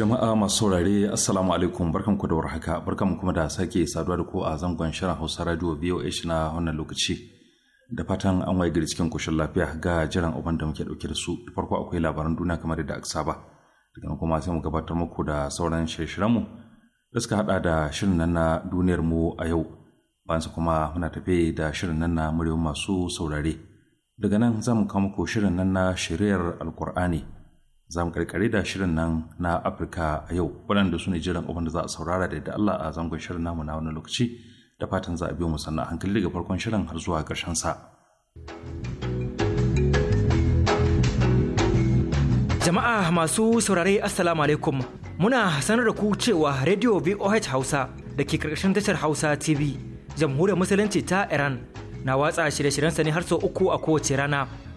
Jama'a masu saurare Assalamu alaikum barkan ku da warhaka barkan kuma da sake saduwa da ku a zangon shirin Hausa Radio VOH na wannan lokaci. Da fatan an waye gari cikin koshin lafiya ga jiran uban da muke dauke da su da farko akwai labaran duniya kamar da aka saba. Daga kuma sai mu gabatar muku da sauran shirye-shiryen mu da suka hada da shirin nan na duniyar mu a yau. Bayan kuma muna tafe da shirin nan na muryoyin masu saurare. Daga nan za mu kawo muku shirin nan na shiriyar Alkur'ani. za mu karkare da shirin nan na afirka a yau waɗanda su ne jiran abin da za a saurara da yadda allah a zangon shirin namu na wani lokaci da fatan za a biyo mu sannan hankali daga farkon shirin har zuwa ƙarshen sa jama'a masu saurare assalamu alaikum muna sanar da ku cewa radio voh hausa da ke karkashin tashar hausa tv jamhuriyar musulunci ta iran na watsa shirye shiryen sa ne har sau uku a kowace rana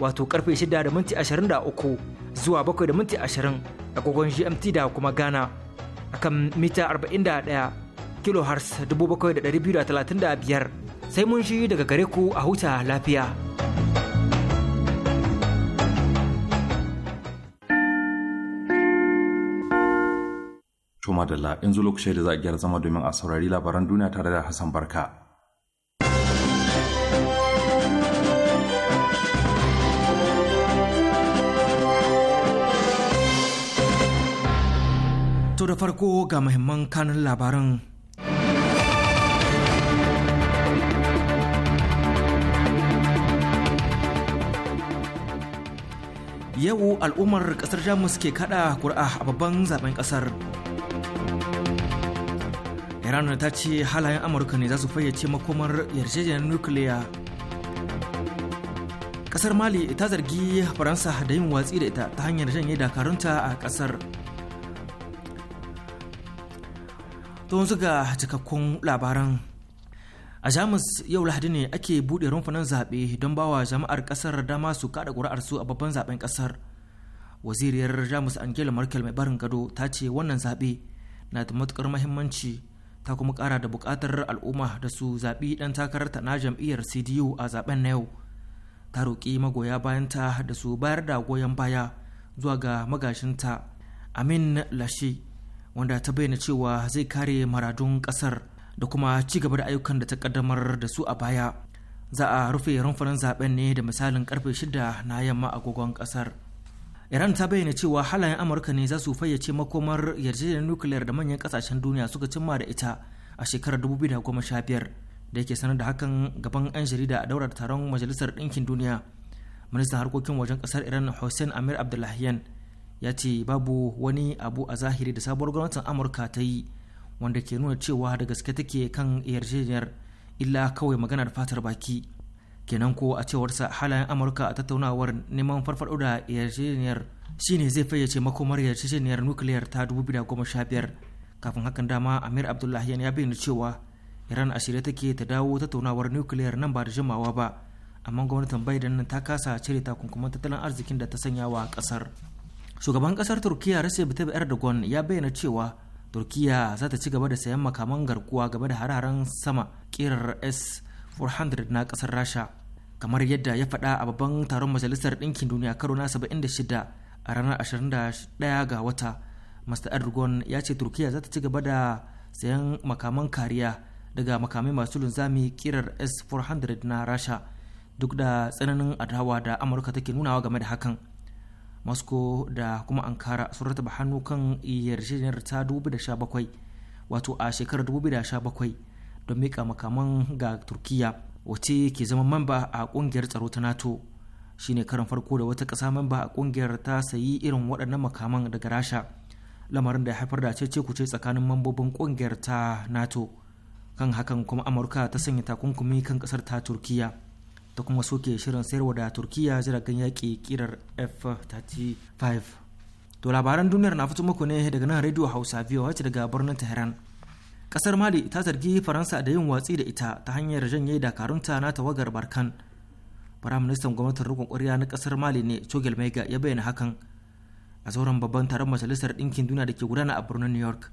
wato karfe 6:23 da minti zuwa 7:20 da minti agogon GMT da kuma Ghana kan mita 41 kilohertz 7,235 sai mun shi daga gare ku a huta lafiya. Tuma da la'in zuwa lokacin da za a gyara zama domin a saurari labaran duniya tare da Hassan Barka. To da farko ga muhimman kanun labaran. Yau al'ummar kasar Jamus ke kada kur'a a babban zaben kasar. Iran ta ce halayen Amurka ne za su fayyace makomar yarjejeniyar nukiliya. Kasar Mali ta zargi Faransa da yin watsi da ita ta hanyar janye dakarunta a kasar. yanzu ga cikakkun labaran a jamus yau lahadi ne ake buɗe rumfunan zaɓe don bawa jama'ar ƙasar dama su kaɗa ƙuri'arsu a babban zaɓen ƙasar waziriyar jamus angela merkel mai barin gado ta ce wannan zaɓe na da matuƙar mahimmanci ta kuma ƙara da buƙatar al'umma da su zaɓi ɗan ta na jam'iyyar cdu a zaɓen na yau ta roƙi magoya bayanta da su bayar da goyon baya zuwa ga magashinta amin lashe wanda ta bayyana cewa zai kare maradun kasar da kuma ci gaba da ayyukan da ta kaddamar da su a baya za a rufe rumfunan zaben ne da misalin karfe 6 na yamma agogon kasar iran ta bayyana cewa halayen amurka ne za su fayyace makomar yarjejeniyar nukiliyar da manyan kasashen duniya suka cimma da ita a shekarar 2015 da yake sanar da hakan gaban 'yan jarida a daura taron majalisar ɗinkin duniya ministan harkokin wajen kasar iran hussein amir abdullahiyan ya ce babu wani abu a zahiri da sabuwar gwamnatin amurka ta yi wanda ke nuna cewa da gaske take kan yarjejeniyar illa kawai maganar fatar baki kenan ko a cewarsa halayen amurka a tattaunawar neman farfaɗo da yarjejeniyar shine zai fayyace makomar yarjejeniyar nukiliyar ta 2015 kafin hakan dama amir abdullahiyan ya bayyana cewa iran a shirye take ta dawo tattaunawar nukiliyar nan ba da jimawa ba amma gwamnatin biden ta kasa cire takunkuman tattalin arzikin da ta sanya wa kasar shugaban kasar turkiya recep tayyip erdogan ya bayyana cewa turkiya za ta ci gaba da sayan makaman garkuwa game da hararen sama kirar s-400 na kasar rasha kamar yadda ya faɗa a babban taron majalisar ɗinkin duniya karo na 76 a ranar 21 ga wata mr erdogan ya ce turkiya za ta ci gaba da sayan makaman kariya daga makamai masu linzami kirar s-400 na rasha duk da tsananin adawa da amurka take nunawa game da hakan moscow da kuma ankara sun rataba hannu kan yarjejeniyar ta 2017 wato a shekarar 2017 don mika makaman ga turkiya wace ke zama mamba a kungiyar tsaro ta nato shine karin farko da wata kasa mamba a kungiyar ta sayi irin waɗannan makaman daga rasha lamarin da ya haifar da cece kuce tsakanin mambobin kungiyar ta nato kan hakan kuma amurka ta sanya takunkumi kan kasar ta turkiya ta kuma soke shirin sayarwa da turkiya jiragen yaƙi kirar f-35 to labaran duniyar na fito muku ne daga nan radio hausa wacce daga birnin tehran ƙasar mali ta zargi faransa da yin watsi da ita ta hanyar janye dakarunta na tawagar barkan firaministan gwamnatin rukun ƙwarya na kasar mali ne chogel mega ya bayyana hakan a sauran babban taron majalisar ɗinkin duniya da ke gudana a birnin new york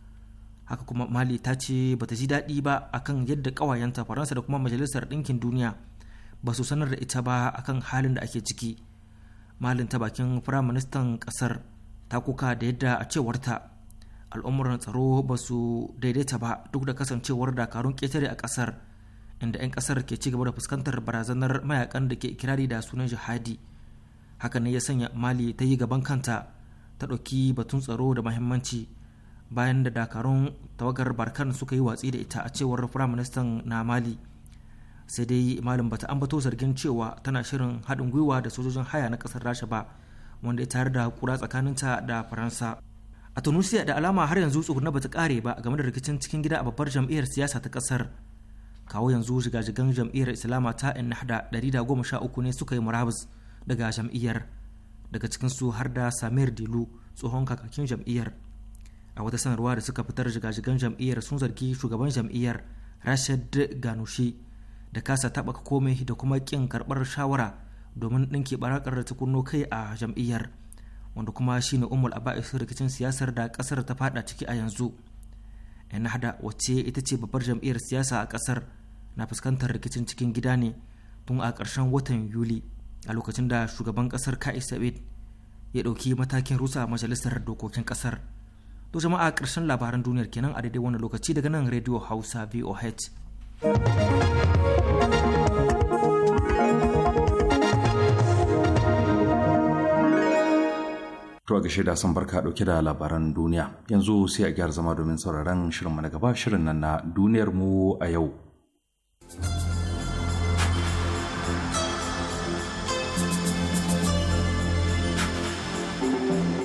haka kuma mali ta ce bata ji daɗi ba akan yadda kawayenta faransa da kuma majalisar ɗinkin duniya ba su sanar da ita ba akan halin da ake ciki malin ta bakin firaministan kasar ta kuka da yadda a cewarta al'umuran tsaro ba su daidaita ba duk da kasancewar dakarun ketare a kasar inda 'yan kasar ke ci gaba da fuskantar barazanar mayakan da ke ikirari da sunan jihadi haka ne ya sanya mali ta yi gaban kanta ta ɗauki batun tsaro da mahimmanci bayan da dakarun tawagar barkan suka yi watsi da ita a cewar firaministan na mali sai dai malam bata ambato zargin cewa tana shirin haɗin gwiwa da sojojin haya na ƙasar rasha ba wanda ya tayar da kura tsakaninta da faransa a tunisia da alama har yanzu tsuguna bata kare ba game da rikicin cikin gida a babbar jam'iyyar siyasa ta ƙasar kawo yanzu jigajigan jam'iyyar islama ta ɗari da sha uku ne suka yi murabus daga jam'iyyar daga cikinsu har da samir dilu tsohon kakakin jam'iyyar a wata sanarwa da suka fitar jigajigan jam'iyyar sun zargi shugaban jam'iyyar rashid ganushi da kasa taɓa komai da kuma ƙin karɓar shawara domin ɗinke barakar da tukunno kai a jam'iyyar wanda kuma shine umul aba'is rikicin siyasar da kasar ta faɗa ciki a yanzu ina hada wacce ita ce babbar jam'iyyar siyasa a ƙasar na fuskantar rikicin cikin gida ne tun a karshen watan yuli a lokacin da shugaban ƙasar ka'is sa'id ya ɗauki matakin rusa a majalisar dokokin kasar to jama'a karshen labaran duniyar kenan a daidai wani lokaci daga nan radio hausa voh To ga da sun barka ɗauke da labaran duniya. Yanzu sai a gyara zama domin sauraron shirin na gaba shirin nan na duniyar mu a yau.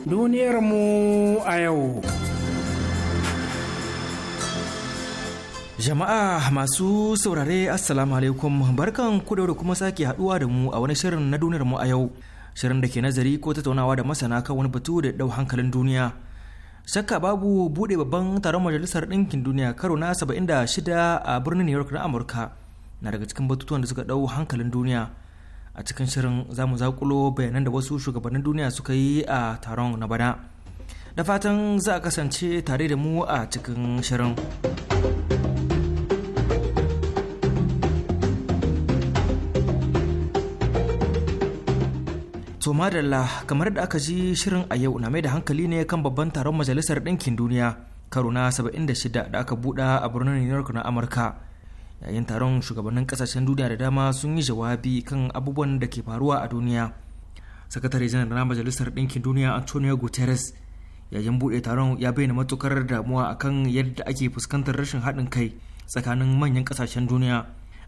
Duniyar mu a yau. Jama'a masu saurare Assalamu alaikum barkan ku da kuma sake haduwa da mu a wani shirin na duniyar mu a yau. Shirin da ke nazari ko tattaunawa da masana kan wani batu da dau hankalin duniya. Shakka babu bude babban taron majalisar ɗinkin duniya karo na 76 a birnin New York na Amurka na daga cikin batutuwan da suka dau hankalin duniya. A cikin shirin za mu zakulo bayanan da wasu shugabannin duniya suka yi a taron na bana. Da fatan za a kasance tare da mu a cikin shirin. To madalla kamar da aka ji shirin a yau na mai da hankali ne kan babban taron majalisar ɗinkin duniya karo na 76 da aka buɗa a birnin New York na Amurka. Yayin taron shugabannin ƙasashen duniya da dama sun yi jawabi kan abubuwan da ke faruwa a duniya. Sakatare janar na majalisar ɗinkin duniya Antonio Guterres yayin buɗe taron ya bayyana matukar damuwa akan yadda ake fuskantar rashin haɗin kai tsakanin manyan ƙasashen duniya.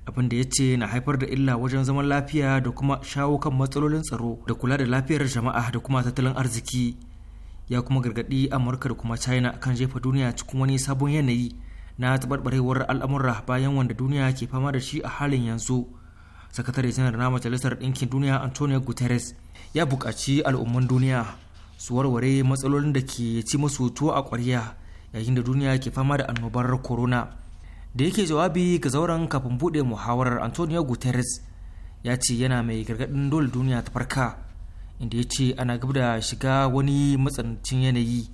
abin da ya ce na haifar da illa wajen zaman lafiya da kuma shawo kan matsalolin tsaro da kula da lafiyar jama'a da kuma tattalin arziki ya kuma gargaɗi amurka da kuma china kan jefa duniya cikin wani sabon yanayi na taɓarɓarewar al'amura bayan wanda duniya ke fama da shi a halin yanzu sakatare janar na majalisar ɗinkin duniya antonio guterres ya buƙaci al'umman duniya su warware matsalolin da ke ci masu tuwo a ƙwarya yayin da duniya ke fama da annobar corona da yake jawabi ga zauren kafin buɗe muhawarar antonio guterres ya ce yana mai gargaɗin dole duniya ta farka inda ya ce ana gab da shiga wani matsanancin yanayi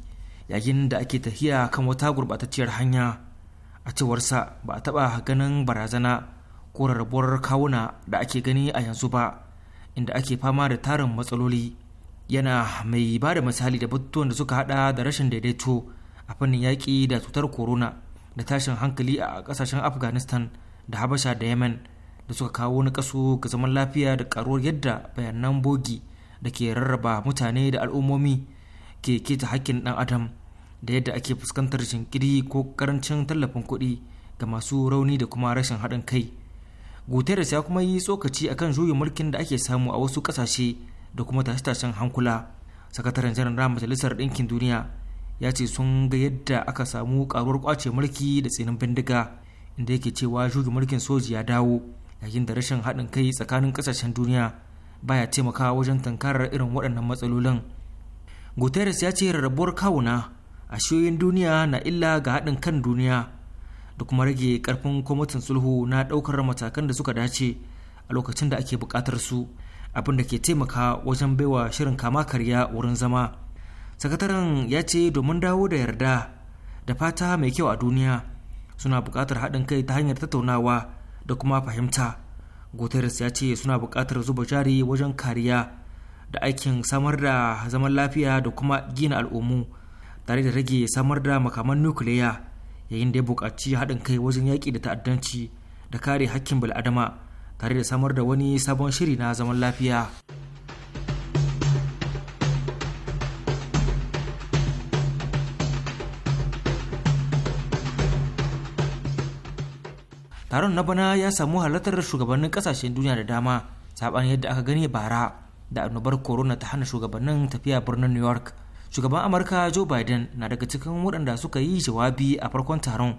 yayin da ake tafiya kan wata gurɓatacciyar hanya a cewarsa ba a taɓa ganin barazana ko rarrabuwar kawuna da ake gani a yanzu ba inda ake fama da tarin matsaloli yana mai ba da misali da batutuwan da suka hada da rashin daidaito a fannin yaƙi da cutar corona da tashin hankali a kasashen afghanistan da habasha da yemen da suka kawo na kaso ga zaman lafiya da karuwar yadda bayanan bogi da ke rarraba mutane da al'ummomi ke keta hakkin dan adam da yadda ake fuskantar jinkiri ko karancin tallafin kuɗi ga masu rauni da kuma rashin haɗin kai guterres ya kuma yi tsokaci akan juyin mulkin da ake samu a wasu ƙasashe da kuma tashe-tashen hankula sakataren janar majalisar ɗinkin duniya ya ce sun ga yadda aka samu karuwar kwace mulki da tsinin bindiga inda yake cewa juge mulkin soji ya dawo yayin da rashin haɗin kai tsakanin ƙasashen duniya baya taimakawa wajen tankarar irin waɗannan matsalolin guterres ya ce rarrabuwar kawuna a shiyoyin duniya na illa ga haɗin kan duniya da kuma rage ƙarfin kwamitin sulhu na ɗaukar matakan da suka dace a lokacin da ake buƙatar su abin da ke taimaka wajen baiwa shirin kama karya wurin zama sakataren ya ce domin dawo da yarda da fata mai kyau a duniya suna buƙatar haɗin kai ta hanyar tattaunawa da kuma fahimta guterres ya ce suna bukatar zuba jari wajen kariya da aikin samar da zaman lafiya da kuma gina al'ummu tare da rage samar da makaman nukiliya yayin da ya buƙaci haɗin kai wajen yaƙi da ta'addanci da kare haƙƙin bil'adama tare da samar da wani sabon shiri na zaman lafiya. taron na bana ya samu halartar shugabannin kasashen duniya da dama saban yadda aka gani bara da annobar corona ta hana shugabannin tafiya birnin new york shugaban amurka joe biden na daga cikin waɗanda suka yi jawabi a farkon taron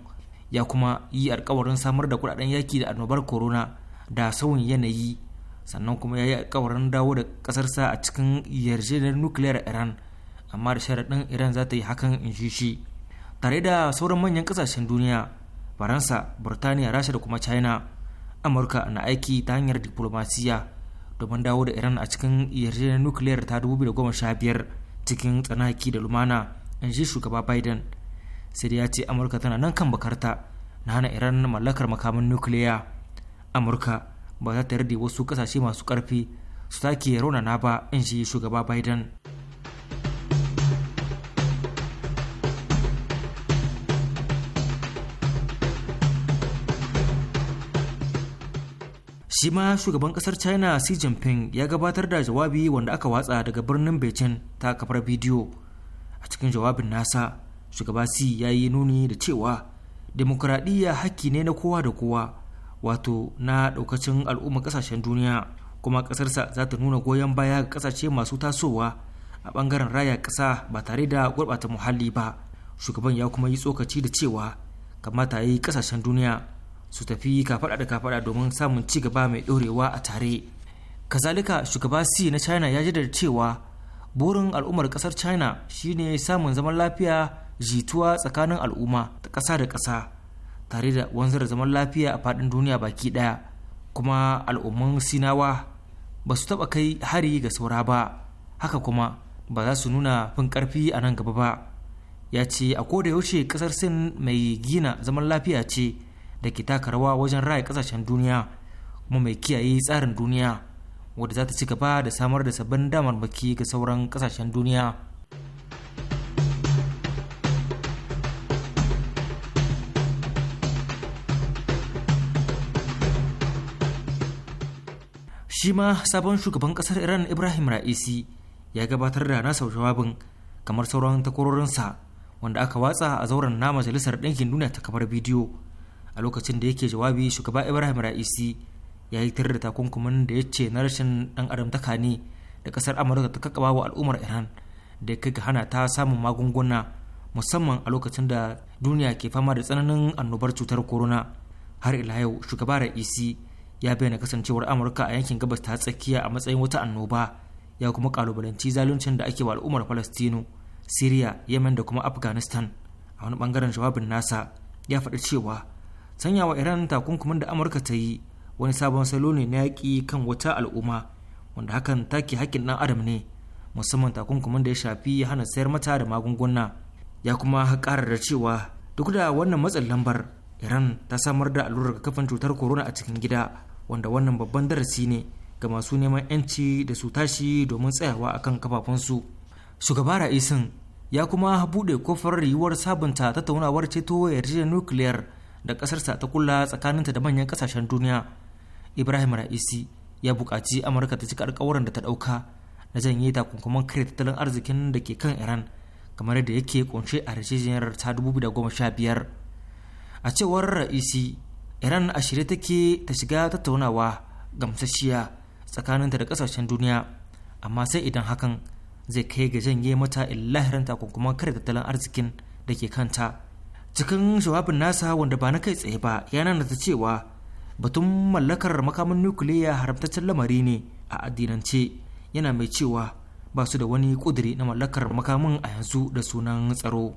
ya kuma yi alkawarin samar da kudaden yaki da annobar corona da sauyin yanayi sannan kuma ya yi alkawarin dawo da kasarsa a cikin yarjejeniyar nukiliyar iran amma da sharaɗin iran za ta yi hakan in shi shi tare da sauran manyan ƙasashen duniya faransa burtaniya rasha da kuma china amurka na aiki ta hanyar diplomasiya domin dawo da iran a cikin yarjejeniyar nukiliyar ta 2015 cikin tsanaki da lumana in ji shugaba biden sai da ya ce amurka tana nan kan bakarta na hana iran mallakar makamin nukiliya amurka ba za ta yarda wasu kasashe masu karfi su take na ba in ji shugaba biden jima shugaban kasar china xi jinping ya gabatar da jawabi wanda aka watsa daga birnin beijing ta kafar bidiyo a cikin jawabin nasa shugaba xi ya yi nuni da cewa demokuraɗiyya haƙƙi ne na kowa da kowa wato na ɗaukacin al'ummar ƙasashen duniya kuma ƙasarsa za ta nuna goyon baya ga ƙasashe masu tasowa a ɓangaren raya ƙasa ba tare da gurɓata muhalli ba shugaban ya kuma yi tsokaci da cewa kamata ya yi ƙasashen duniya su tafi kafaɗa da kafaɗa domin samun ci gaba mai ɗorewa a tare kazalika shugaba si na china ya jaddada cewa burin al'ummar kasar china shine samun zaman lafiya jituwa tsakanin al'umma ta ƙasa da ƙasa tare da wanzar zaman lafiya a faɗin duniya baki ɗaya kuma al'umman sinawa ba su taɓa kai hari ga saura ba haka kuma ba za su nuna fin ƙarfi a nan gaba ba ya ce a koda yaushe ƙasar sin mai gina zaman lafiya ce da ke taka rawa wajen raya kasashen duniya kuma mai kiyaye tsarin duniya wadda za ta ci gaba da samar da sabbin damar baki ga sauran kasashen duniya shi ma sabon shugaban kasar iran ibrahim ra'isi ya gabatar da nasa jawabin kamar sauran takwarorinsa wanda aka watsa a zauren na majalisar ɗinkin duniya ta kamar bidiyo a lokacin da yake jawabi shugaba ibrahim ra'isi ya yi da takunkumin da ya ce na rashin dan adamtaka ne da kasar amurka ta kakaba wa al'ummar iran da ya ga hana ta samun magunguna musamman a lokacin da duniya ke fama da tsananin annobar cutar corona har ila yau shugaba ra'isi ya bayyana kasancewar amurka a yankin gabas ta tsakiya a matsayin wata annoba ya kuma kalubalanci zaluncin da ake wa al'ummar palestino siriya yemen da kuma afghanistan a wani bangaren jawabin nasa ya faɗi cewa sanyawa iran takunkumin da amurka ta yi wani sabon salo ne na yaƙi kan wata al'umma wanda hakan take hakkin ɗan adam ne musamman takunkumin da ya shafi hana sayar mata da magunguna ya kuma ƙara da cewa duk da wannan matsin lambar iran ta samar da allurar kafin cutar corona a cikin gida wanda wannan babban darasi ne ga masu neman 'yanci da su tashi domin tsayawa akan kafafunsu shugaba ra'isin ya kuma buɗe kofar yiwuwar sabunta tattaunawar ceto yarjejeniyar nukiliyar da ƙasarsa ta kula tsakaninta da manyan ƙasashen duniya ibrahim ra'isi ya bukaci amurka ta cika alkawarin da ta ɗauka na janye takunkuman kare tattalin arzikin da ke kan iran kamar yadda yake kunshe a rashijiyar ta 2015 a cewar ra'isi iran a shirye take ta shiga tattaunawa gamsashiya tsakaninta da kasashen duniya amma sai idan hakan zai kai ga janye mata illahirin takunkuman kare tattalin arzikin da ke kanta cikin shawabin nasa wanda ba na kai tsaye ba ya nanata cewa batun mallakar makamin nukiliya haramtaccen lamari ne a addinance yana mai cewa ba su da wani kuduri na mallakar makamin a yanzu da sunan tsaro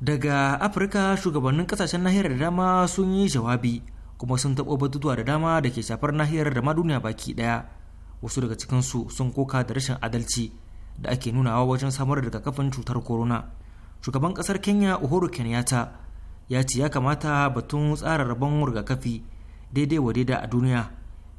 daga afirka shugabannin kasashen nahiyar da dama sun yi jawabi kuma sun taɓo batutuwa da dama da ke shafar nahiyar da ma duniya baki ɗaya wasu daga cikinsu sun koka da rashin adalci da ake nunawa wajen samar da kafin cutar corona shugaban ƙasar kenya uhuru kenyatta ya ce ya kamata batun tsara rabon kafi daidai wa daida a duniya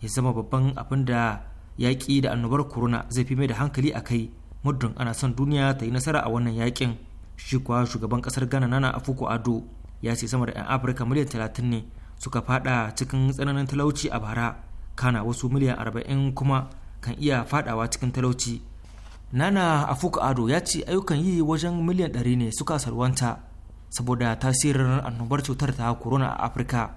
ya zama babban abin da yaƙi da annobar corona zai fi mai da hankali a kai muddin ana son duniya ta yi nasara a wannan yaƙin shi kuwa shugaban ƙasar ghana nana afuku ado ya ce sama da 'yan afirka miliyan talatin ne suka fada cikin tsananin talauci a bara kana wasu miliyan arba'in kuma kan iya fadawa cikin talauci nana afuka ado ya ce ayyukan yi wajen miliyan ɗari ne suka salwanta saboda tasirin annobar cutar ta corona a afirka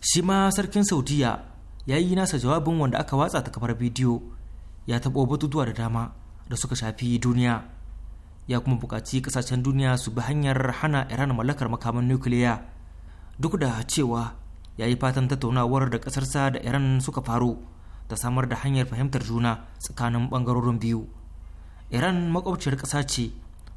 shi ma sarkin saudiya ya yi nasa jawabin wanda aka watsa ta kamar bidiyo ya taɓo batutuwa da dama da suka shafi duniya ya kuma buƙaci ƙasashen duniya su bi hanyar hana iran mallakar makaman nukiliya duk da cewa ya yi fatan tattaunawar da ƙasarsa da iran suka faru ta samar da hanyar fahimtar juna tsakanin ɓangarorin biyu iran makwabciyar ƙasa ce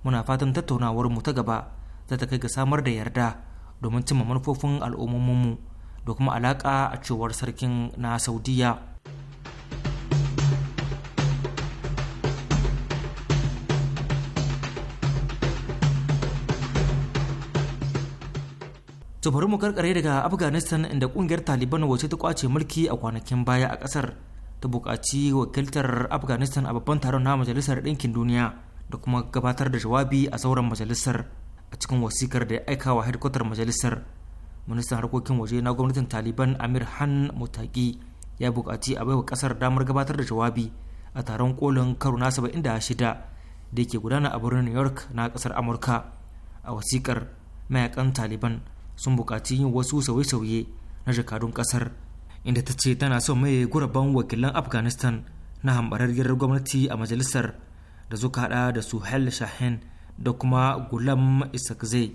muna fatan tattaunawar mu ta gaba za ta kai ga samar da yarda domin cimma manufofin al'ummominmu da kuma alaƙa a cewar sarkin na saudiya to bari mu karkare daga afghanistan inda kungiyar taliban wace ta kwace mulki a kwanakin baya a kasar ta buƙaci wakiltar afghanistan a babban taron na majalisar ɗinkin duniya da kuma gabatar da jawabi a sauran majalisar a cikin wasikar da ya aika wa hedkwatar majalisar ministan harkokin waje na gwamnatin taliban amir han mutaki ya buƙaci a baiwa ƙasar damar gabatar da jawabi a taron kolin karo na 76 da ke gudana a birnin new york na kasar amurka a wasikar mayakan taliban sun buƙaci yin wasu sauye-sauye na jakadun ƙasar inda ta ce tana son mai guraban wakilan afghanistan na hambarar gwamnati a majalisar da suka hada da suhail shahin da kuma gulam isakzai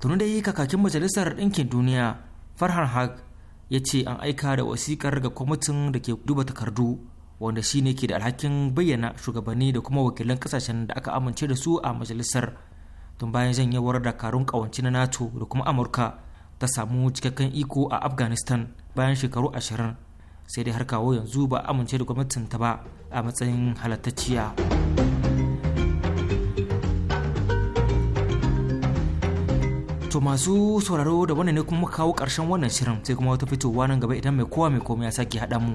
tuni dai kakakin majalisar ɗinkin duniya farhan haq ya ce an aika da wasikar ga kwamitin da ke duba takardu wanda shi ne ke da alhakin bayyana shugabanni da kuma wakilan kasashen da aka amince da su a majalisar tun bayan janyewar dakarun kawanci na nato da kuma amurka ta samu cikakken iko a afghanistan bayan shekaru ashirin sai dai har kawo yanzu ba amince da gwamnatin ta ba a matsayin halattacciya to masu sauraro da wannan ne kuma kawo karshen wannan shirin sai kuma wata fitowa nan gaba idan mai kowa mai komai ya sake haɗa mu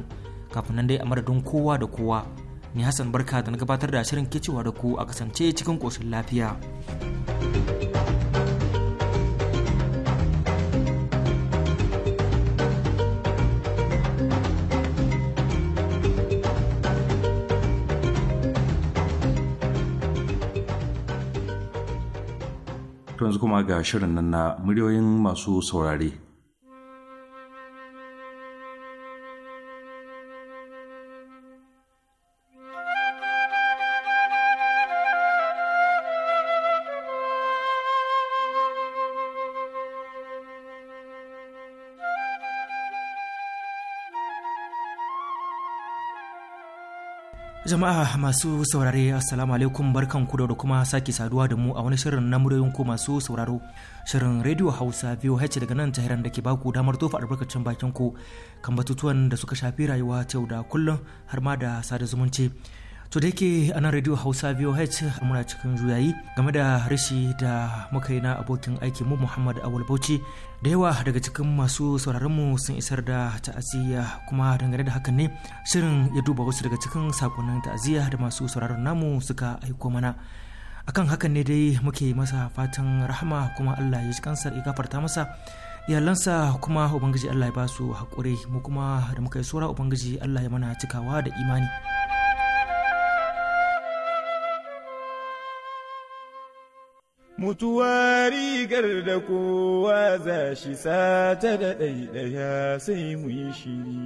kafin nan dai a madadin kowa da kowa ni hassan barka da na gabatar da shirin ke cewa da ku a kasance cikin ƙoshin lafiya yanzu kuma ga shirin nan na muryoyin masu saurare Jama'a masu saurare Assalamu alaikum barkanku da kuma sake saduwa da mu a wani shirin na ku masu sauraro. Shirin Radio Hausa VOH daga nan Tahiran da ke baku damar tofa albarkacin bakin ku kan batutuwan da suka shafi rayuwa ta yau da kullum har ma da sada zumunci. to da yake a nan radio hausa voh muna cikin juyayi game da rashi da muka yi na abokin aiki mu muhammad awal bauchi da yawa daga cikin masu sauraronmu mu sun isar da ta'aziyya kuma dangane da hakan ne shirin ya duba wasu daga cikin sakonnin ta'aziyya da masu sauraron namu suka aiko mana akan hakan ne dai muke masa fatan rahama kuma allah ya ji kansar ya gafarta masa iyalansa kuma ubangiji allah ya ba su haƙuri mu kuma da muka yi sura ubangiji allah ya mana cikawa da imani mutuwa rigar da kowa za shi sata da ɗaiɗaya sai mu yi shiri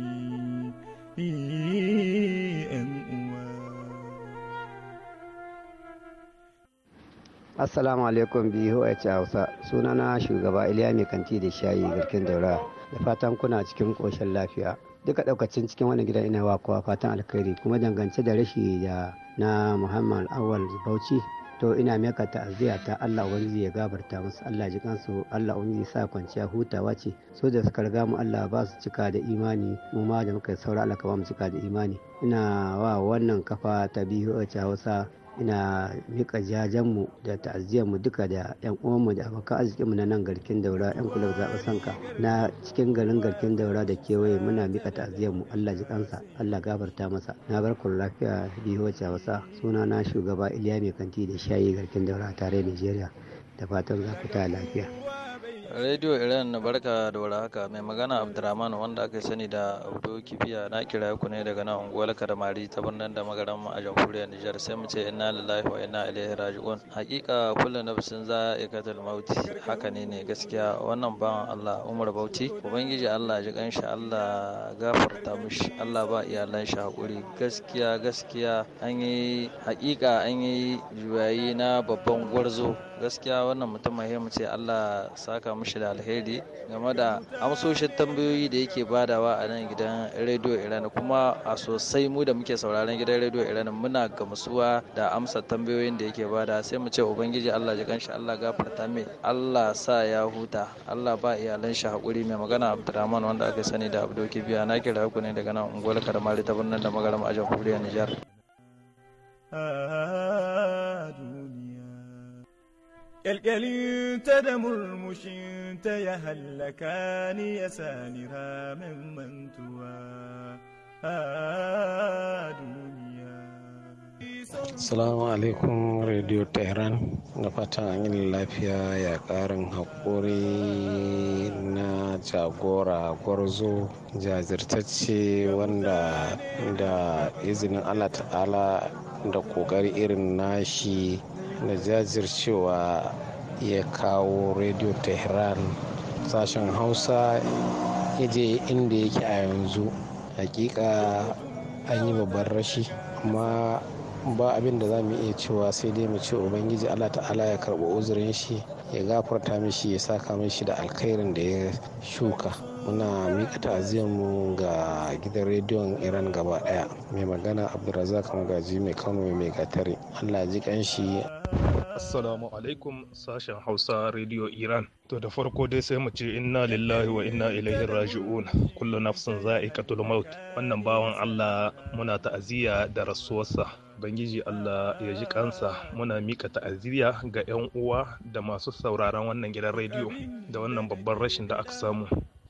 assalamu alaikum biyu a hausa sunana shugaba iliya mai kanti da shayi garkin daura da fatan kuna cikin ƙoshin lafiya duka daukacin cikin wani gidan ina wa kowa fatan alkhairi kuma dangance da rashi da na muhammad awal bauchi to ina maka ta'aziyya ta Allah ubangiji ya gabarta musu Allah ji kansu Allah ubangiji sa kwanciya hutawa ce so da suka riga mu Allah ba su cika da imani mu ma da muka saura Allah ka ba mu cika da imani ina wa wannan kafa ta biyu a Hausa ina mika jajenmu da mu duka da yan uwanmu da abokan mu na nan garkin daura yan kula zaɓa sanka na cikin garin garkin daura da kewaye muna mika mu allah ji kansa allah gafarta masa na bar kun lafiya biyu wacce wasa suna na shugaba iliya mai kanti da shayi garkin daura tare nigeria da fatan za ku ta lafiya Radio Iran na barka da wara haka mai magana Abdulrahman wanda aka sani da Abdo Kibiya na kira ku ne daga nan unguwar Kadamari ta birnin da magaran a jamhuriyar Nijar sai mu ce inna lillahi wa inna ilaihi raji'un. Hakika kullu nafsin za ikatal mauti haka ne ne gaskiya wannan ban Allah Umar bauti ubangiji Allah ji kanshi Allah gafarta mishi Allah ba iyalan shi hakuri gaskiya gaskiya an yi hakika an yi juyayi na babban gwarzo gaskiya wannan mutum mu ce allah saka mushi da alheri game da amsoshin tambayoyi da yake badawa a nan gidan radio iran kuma a sosai mu da muke sauraron gidan rediyo iran muna gamsuwa da amsa tambayoyin da yake bada sai mu ce ubangiji allah ji kanshi allah gafarta mai allah sa ya huta allah ba iyalan shi hakuri mai magana abdurrahman wanda aka sani da abdoki biya na kira ku ne daga nan unguwar karmari ta birnin da magaram a jamhuriyar nijar. kyalkyalin ta da murmushinta ta ya hallaka ni ya sani ramin mantuwa a duniya. Salamu alaikum Radio Tehran da fata yin lafiya ya ƙarin haƙuri na jagora gwarzo jajirtacce wanda da izinin Allah ta'ala da ƙoƙari irin nashi na jajircewa ya kawo radio tehran sashen hausa ya je inda yake a yanzu hakika an yi babban rashi amma ba abin da za mu iya cewa sai dai mu ce ubangiji allah ta'ala ya karɓi uzurin shi ya gafarta mishi ya saka mishi da alkhairin da ya shuka muna miƙa mu ga gidan rediyon iran gaba ɗaya mai magana abdulrazak magaji mai kano mai gatari allah ji ƙanshi Assalamu alaikum sashen Hausa Radio Iran. To da farko dai sai mu ce inna lillahi wa inna ilaihi raji'un kullu nafsin za'iqatul maut wannan bawan Allah muna ta'aziyya da rasuwarsa Bangiji Allah ya ji kansa muna mika ta'aziyya ga 'yan uwa da masu sauraron wannan gidan rediyo da wannan babban rashin da aka samu.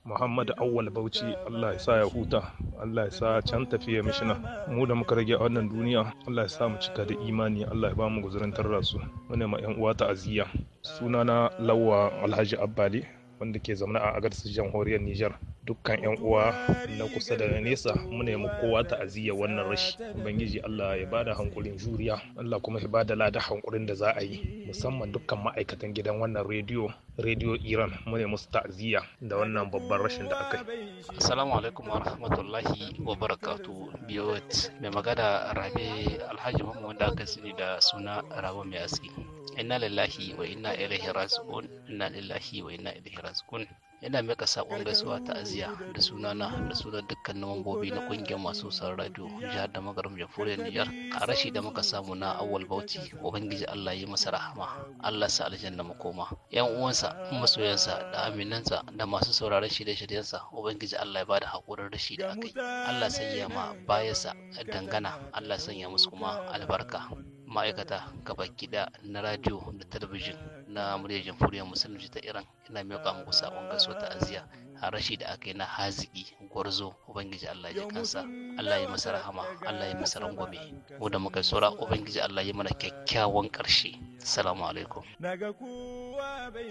Muhammadu Awwal Bauchi Allah ya sa ya huta Allah ya sa can tafiya mishina mu da muka rage a wannan duniya Allah ya sa mu cika da imani Allah ya ba mu guzurin tarra su muna ma yan uwa ta'aziyya sunana Lawwa Alhaji Abbali wanda ke zaune a agarsu jamhuriyar Nijar dukkan 'yan uwa na kusa da na nesa muna yi kowa ta'aziyya wannan rashi ubangiji Allah ya bada hankulin juriya Allah kuma ya bada lada hankulin da za a yi musamman dukkan ma'aikatan gidan wannan rediyo rediyo Iran muna yi musu ta'aziyya da wannan babban rashin da aka yi assalamu alaikum wa rahmatullahi wa barakatu biyot mai magana rabe alhaji mamu wanda aka sani da suna rawa mai aski inna lillahi wa inna ilaihi raji'un inna lillahi wa inna ilaihi yana mika sakon gaisuwa ta aziya da sunana da sunan dukkan mambobi na kungiyar masu son radio jihar da magaram jamhuriyar nijar a rashi da muka samu na awal bauti ubangiji allah ya yi masa rahama allah sa aljanna koma yan uwansa masoyansa da aminansa da masu sauraron shi da shiryansa ubangiji allah ya bada hakurin rashi da akai allah sanya ma bayansa dangana allah sanya musu kuma albarka ma'aikata gabaki gida, na radio da talabijin na muryar jamhuriyar musulunci ta iran ina miƙa muku saƙon gaisuwa ta aziya a rashi da aka yi na haziki gwarzo ubangiji allah ya kansa allah ya masa rahama allah ya masa rangwame mu da muka saura ubangiji allah ya mana kyakkyawan karshe salamu alaikum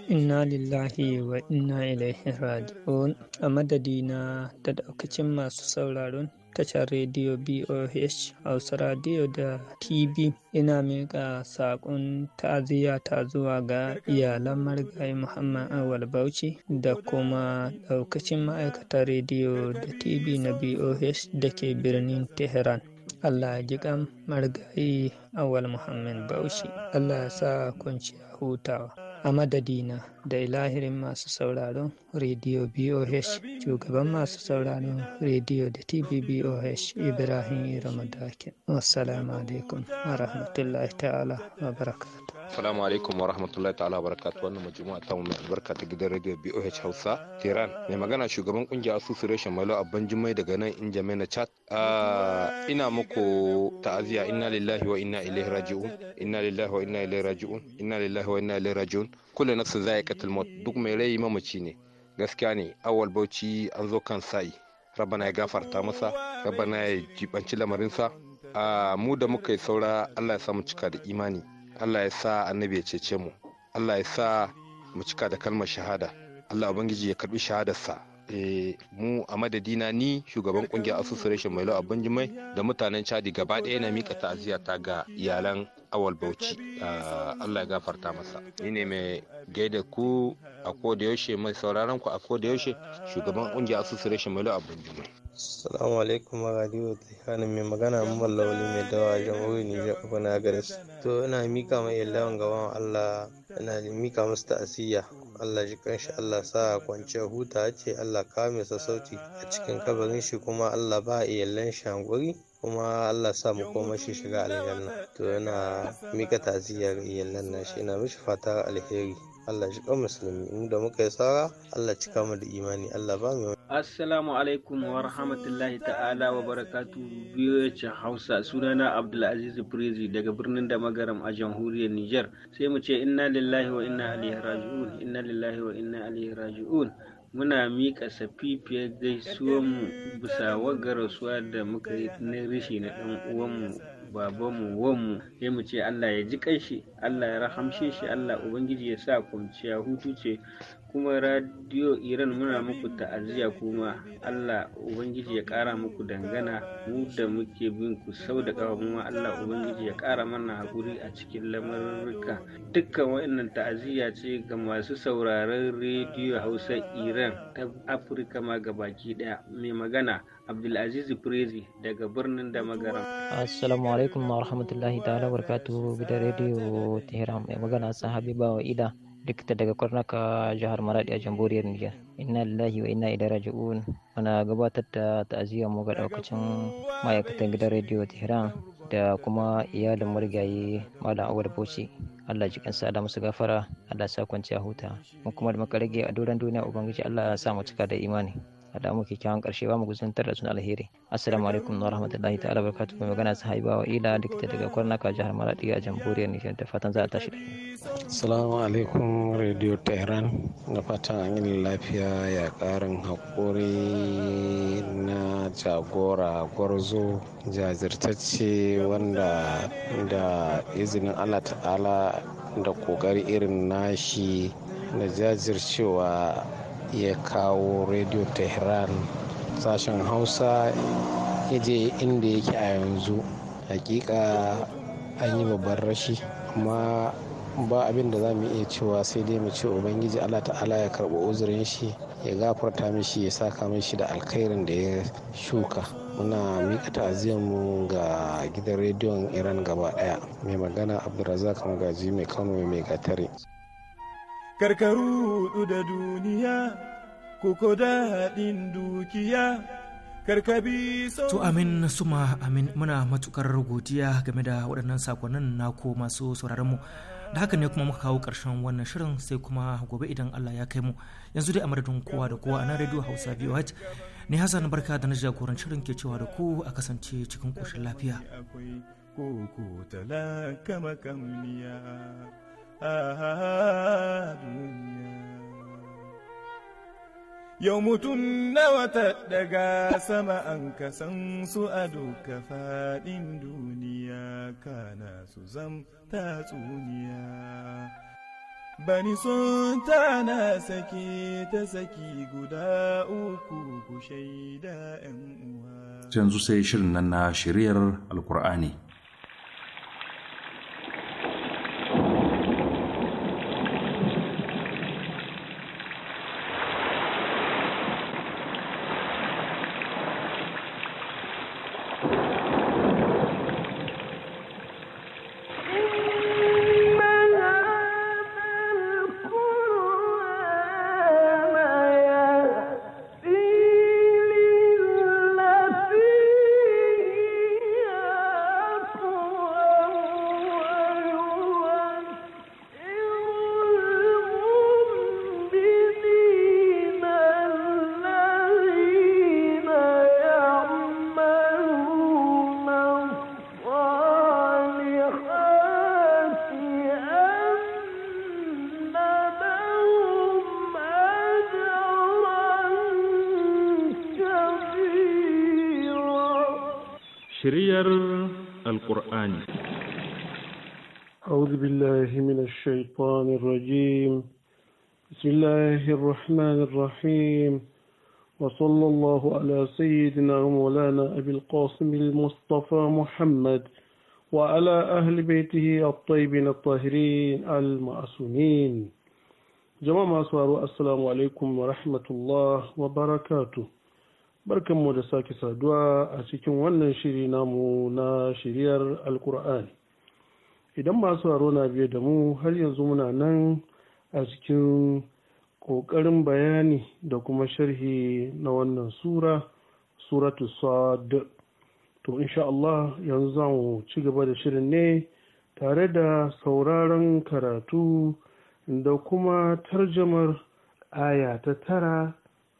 inna lillahi wa inna ilaihi raji'un a madadina da daukacin masu sauraron tashar rediyo BOH Hausa Radio da TV ina miƙa saƙon ta'aziyya ta zuwa ga iyalan marigayi Muhammad Awal Bauchi da kuma ɗaukacin ma'aikatan rediyo da TV na BOH da ke birnin Tehran. Allah ya ji marigayi Awal Muhammad Bauchi. Allah ya sa kwanciya hutawa. a madadina da ilahirin masu sauraron rediyo boh shugaban masu sauraron rediyo da tvboh ibrahim ramadake wassalamu alaikum wa rahmatullahi ta'ala wa barakatu salamu alaikum wa rahmatullahi ta'ala barakatu wannan majmu'a ta mai albarka ta gidan radio BOH Hausa Tehran mai magana shugaban kungiyar asusu reshen Malo Abban Jummai daga nan Injamena Chat ah, ina muku ta'aziyya inna lillahi wa inna ilaihi raji'un inna lillahi wa inna ilaihi raji'un inna lillahi wa inna ilaihi raji'un kullu nafsin za'iqatul maut duk mai rai mamaci ne gaskiya ne awwal bauchi an zo kan sa'i rabana ya gafarta masa rabana ya jibanci lamarin sa, ah, mu da muka yi saura Allah ya samu cika da imani Allah ya sa annabi ya cece mu Allah ya sa mu cika da kalmar shahada Allah ubangiji ya karbi shahadarsa e, mu a madadina ni shugaban kungiyar association mai lau abin jimai da mutanen chadi gaba ɗaya na mika ta'aziyya ta ga iyalan awal bauchi ah, Allah ya gafarta masa ni ne mai gaida ku a ko da yaushe mai sauraron ku a ko da yaushe shugaban kungiyar association mai lau abin jimai Assalamu alaikum radio hannun mai magana Muhammad Lawali mai dawa a jamhuriyar Nijar a bana To ina mika mai illawan gaban Allah ina mika musu ta'asiyya. Allah ji kanshi Allah sa kwanciyar huta ce Allah kame sa sauti a cikin kabarin shi kuma Allah ba iyallan shi hankuri kuma Allah sa mu koma shi shiga aljanna. To ina mika ta'aziyya ga iyallan nashi ina mishi fatar alheri. Allah shi kan musulmi in da muka yi tsara Allah cika mu da imani Allah ba mu Assalamu alaikum wa rahmatullahi ta'ala wa barakatu biyoyacin Hausa sunana Abdulaziz Prezi daga birnin da magaram a jamhuriyar niger sai mu ce inna lillahi wa inna ilaihi raji'un inna lillahi wa inna ilaihi raji'un muna miƙa safifiyar mu bisa wagarasuwa da muka yi na rishi na ɗan mu. babanmu wanmu sai mu ce Allah ya ji kanshi Allah ya rahamshe shi Allah ubangiji ya sa kwanciya hutu ce kuma radio iran muna muku ta'aziyya kuma allah ubangiji ya kara muku dangana mu da muke bin ku sau da kafa allah ubangiji ya kara mana hakuri a cikin lamarurruka dukkan wa'annan ta'aziyya ce ga masu sauraron rediyo hausa iran ta afirka ma ga baki daya mai magana Abdulaziz Prezi daga birnin da magaram. Assalamu alaikum wa rahmatullahi ta'ala bi da rediyo Tehran mai magana sahabi bawa ida. likita daga kwarnaka jihar maradi a jamhuriyar niger inna lillahi wa inna ilaihi raji'un muna gabatar da ta'aziyar mu ga daukacin ma'aikatan gidan rediyo tehran da kuma iyalin marigayi malam awar bauchi allah ji sa da musu gafara allah sa kwanciya huta mu kuma da muka rage a doron duniya ubangiji allah ya sa mu cika da imani da mu kyakkyawan karshe ba mu gusantar da sun alheri assalamu alaikum wa rahmatullahi ta'ala barakatuhu mai magana haiba wa ila dikta daga ka jihar maradi a jamhuriyar nijar da fatan za a tashi da assalamu alaikum radio tehran da fatan an yi lafiya ya karin haƙuri na jagora gwarzo jazirtacce wanda da izinin allah ta'ala da ƙoƙari irin nashi da jajircewa ya kawo radio tehran sashen hausa ya je inda yake a yanzu hakika an yi babban rashi kuma ba abin da za mu iya cewa sai dai mu ce ubangiji allah ta'ala ya karɓi uzurin shi ya gafarta mishi ya saka mishi da alkhairin da ya shuka muna miƙa mu ga gidan rediyon iran gaba ɗaya mai magana abdulrazak magaji mai kano mai gatare Karkaru da duniya ko daɗin dukiya karkabi To amin suma amin muna matukar godiya game da waɗannan sakonnin ko masu sauraron mu da haka ne kuma muka kawo ƙarshen wannan shirin sai kuma gobe idan Allah ya kai mu yanzu dai a madadin kowa da kowa na nan radio Hausa VOH ne Hassan barka da na jagorancin shirin ke cewa da ku a kasance cikin ƙoshin lafiya. Koko talaka makamniya. Aha, duniya yau mutum nawa ta daga sama an kasan su a doka fadin duniya kana su zam tatsuniya bani sun tana sake ta saki guda uku ku shaida 'yan uwa yanzu sai shirin nan na shiryar alkur'ani الرجيم بسم الله الرحمن الرحيم وصلى الله على سيدنا مولانا أبي القاسم المصطفى محمد وعلى أهل بيته الطيبين الطاهرين المعصومين جماعة أسوار السلام عليكم ورحمة الله وبركاته barkanmu da sake saduwa a cikin wannan shiri namu na shiryar alkur'ani idan masu aro na biyu da mu har yanzu muna nan a cikin ƙoƙarin bayani da kuma sharhi na wannan sura suratu sad to insha Allah yanzu za mu ci gaba da shirin ne tare da sauraron karatu da kuma tarjamar aya ta tara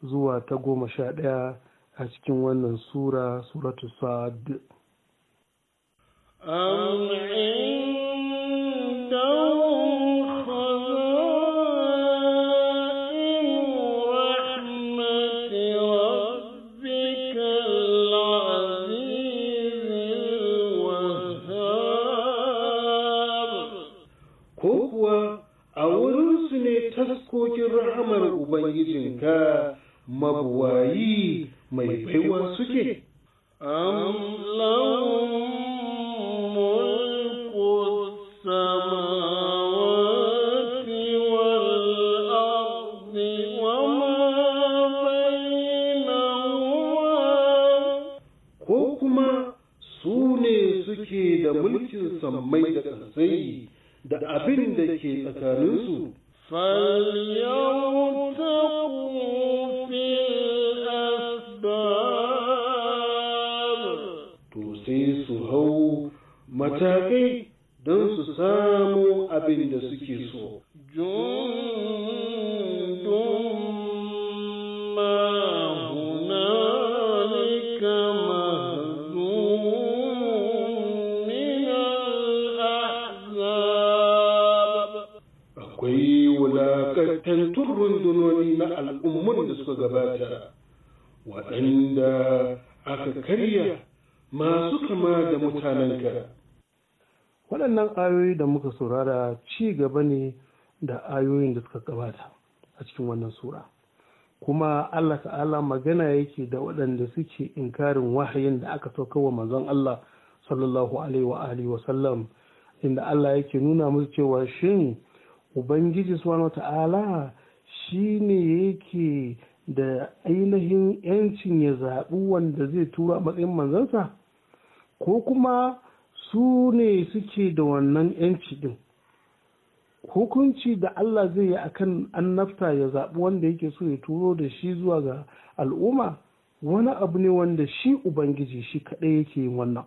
zuwa ta goma sha ɗaya a cikin wannan sura suratu sad ko kuwa a wurinsu ne taskokin rahamar Ubangijinka mabuwayi mai baiwa suke. أم kuma su ne suke da mulkin sammai da ƙasai da abin da ke tsakaninsu to sai su hau matakai don su samu abin da suke so gaba waɗannan ayoyi da muka saurara ci gaba ne da ayoyin da suka gabata a cikin wannan sura kuma Allah ta'ala magana yake da waɗanda suke inkarin wahayin da aka sauka wa manzon Allah sallallahu alaihi wa wa sallam inda Allah yake nuna musu cewa shin ubangiji subhanahu ta'ala shine yake da ainihin yancin ya zaɓi wanda zai tura matsayin manzansa ko kuma su ne suke da wannan yanci din hukunci da Allah zai yi akan annabta ya zaɓi wanda yake so ya turo da shi zuwa ga al'umma wani abu ne wanda shi ubangiji shi kaɗai yake yin wannan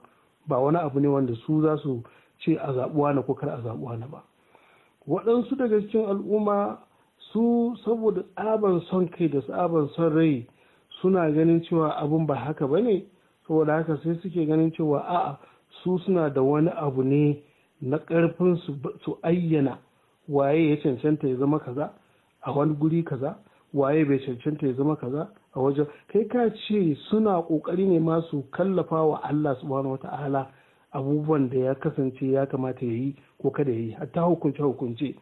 ba wani abu ne wanda su za su ce a zaɓuwa na ko kar a zaɓuwa na ba waɗansu daga cikin al'umma su saboda tsaban son kai da tsaban son rai suna ganin cewa abun ba haka ba ne saboda haka sai suke ganin cewa a'a su suna da wani abu ne na ƙarfin su ayyana waye ya cancanta ya zama kaza a wani guri kaza waye bai cancanta ya zama kaza a wajen kai ka ce suna ƙoƙari ne masu kallafa wa Allah subhanahu wata'ala abubuwan da ya kasance ya kamata ya yi ko kada ya yi hatta hukunce hukunce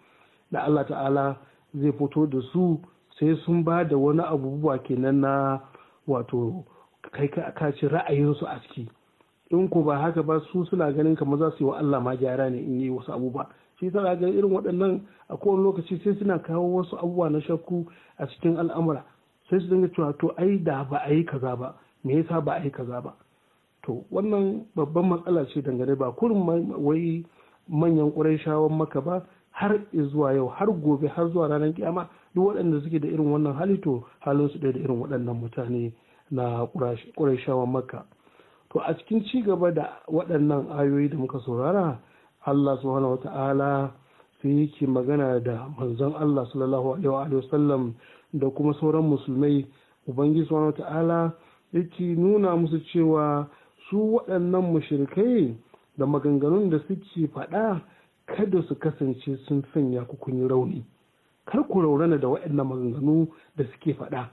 da Allah ta'ala zai fito da su sai sun ba da wani abubuwa kenan na wato kai ka ci ra'ayinsu a ciki in ku ba haka ba su suna ganin kamar za su yi wa Allah ma gyara ne in yi wasu abubuwa shi ta ga irin waɗannan a kowane lokaci sai suna kawo wasu abubuwa na shakku a cikin al'amura sai su dinga cewa to ai da ba a yi kaza ba me yasa ba a yi kaza ba to wannan babban matsala ce dangane ba kurin wai manyan ƙurayshawan maka ba har zuwa yau har gobe har zuwa ranar kiyama duk waɗanda suke da irin wannan hali to halin su da irin waɗannan mutane na ƙurayshawan maka to a cikin ci gaba da waɗannan ayoyi da muka saurara Allah subhanahu ta'ala sai yake magana da manzon Allah sallallahu alaihi wa sallam da kuma sauran musulmai ubangiji subhanahu ta'ala yake nuna musu cewa su waɗannan mushrikai da maganganun da suke faɗa kada su kasance sun sanya ku kun rauni kar ku raurana da waɗannan maganganu da suke faɗa